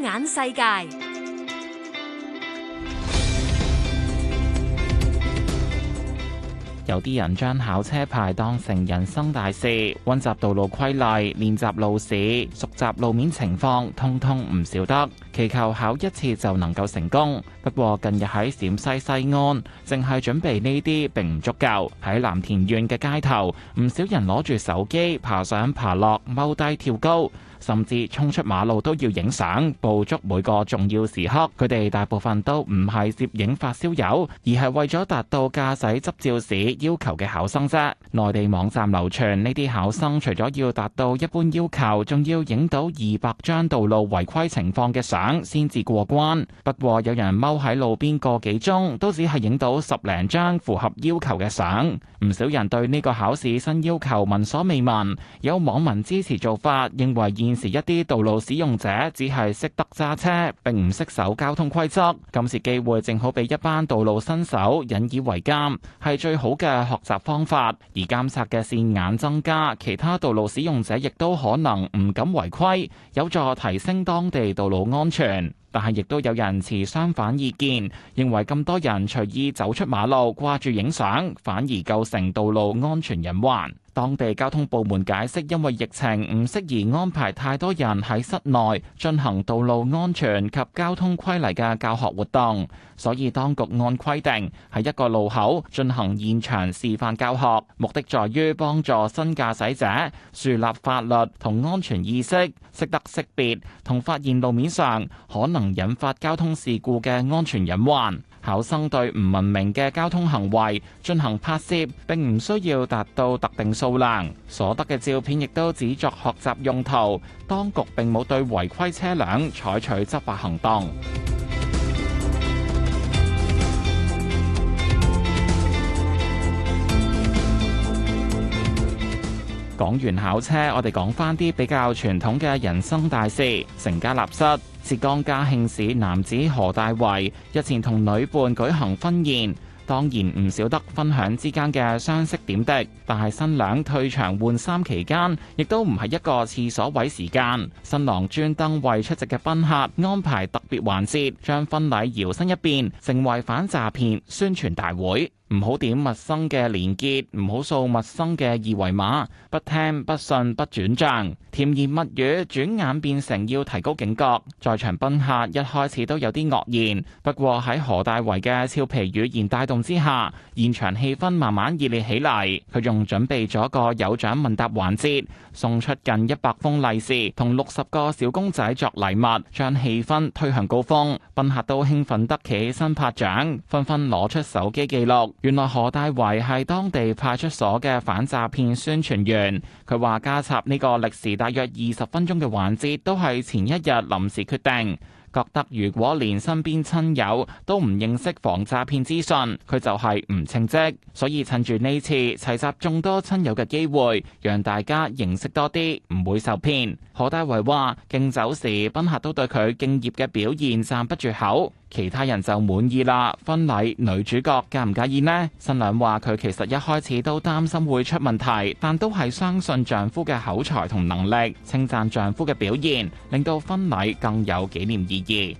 眼世界有啲人將考車牌當成人生大事，溫習道路規例、練習路試、熟習路面情況，通通唔少得，祈求考一次就能夠成功。不過近日喺陝西西安，淨係準備呢啲並唔足夠。喺藍田縣嘅街頭，唔少人攞住手機爬上爬落，踎低跳高。甚至衝出馬路都要影相，捕捉每個重要時刻。佢哋大部分都唔係攝影發燒友，而係為咗達到駕駛執照試要求嘅考生啫。內地網站流傳呢啲考生除咗要達到一般要求，仲要影到二百張道路違規情況嘅相先至過關。不過有人踎喺路邊個幾鐘，都只係影到十零張符合要求嘅相。唔少人對呢個考試新要求聞所未聞，有網民支持做法，認為現現時一啲道路使用者只係識得揸車，並唔識守交通規則。今次機會正好俾一班道路新手引以為鑒，係最好嘅學習方法。而監察嘅線眼增加，其他道路使用者亦都可能唔敢違規，有助提升當地道路安全。但係亦都有人持相反意見，認為咁多人隨意走出馬路掛住影相，反而構成道路安全隱患。當地交通部門解釋，因為疫情唔適宜安排太多人喺室內進行道路安全及交通規例嘅教學活動，所以當局按規定喺一個路口進行現場示範教學，目的在於幫助新駕駛者樹立法律同安全意識，識得識別，同發現路面上可能引發交通事故嘅安全隱患。考生對唔文明嘅交通行為進行拍攝，並唔需要達到特定數量，所得嘅照片亦都只作學習用途。當局並冇對違規車輛採取執法行動。講完考車，我哋講返啲比較傳統嘅人生大事，成家立室。浙江嘉興市男子何大為日前同女伴舉行婚宴，當然唔少得分享之間嘅相識點滴，但係新娘退場換衫期間，亦都唔係一個廁所位時間，新郎專登為出席嘅賓客安排特別環節，將婚禮搖身一變成為反詐騙宣傳大會。唔好點陌生嘅連結，唔好掃陌生嘅二維碼，不聽不信不轉賬。甜言蜜語轉眼變成要提高警覺。在場賓客一開始都有啲愕然，不過喺何大為嘅俏皮語言帶動之下，現場氣氛慢慢熱烈起嚟。佢仲準備咗個有獎問答環節，送出近一百封利是同六十個小公仔作禮物，將氣氛推向高峰。賓客都興奮得企起身拍掌，紛紛攞出手機記錄。原來何大維係當地派出所嘅反詐騙宣傳員，佢話加插呢個歷時大約二十分鐘嘅環節都係前一日臨時決定，覺得如果連身邊親友都唔認識防詐騙資訊，佢就係唔稱職，所以趁住呢次齊集眾多親友嘅機會，讓大家認識多啲，唔會受騙。何大維話敬酒時，賓客都對佢敬業嘅表現讚不絕口。其他人就滿意啦。婚禮女主角介唔介意呢？新娘話佢其實一開始都擔心會出問題，但都係相信丈夫嘅口才同能力，稱讚丈夫嘅表現，令到婚禮更有紀念意義。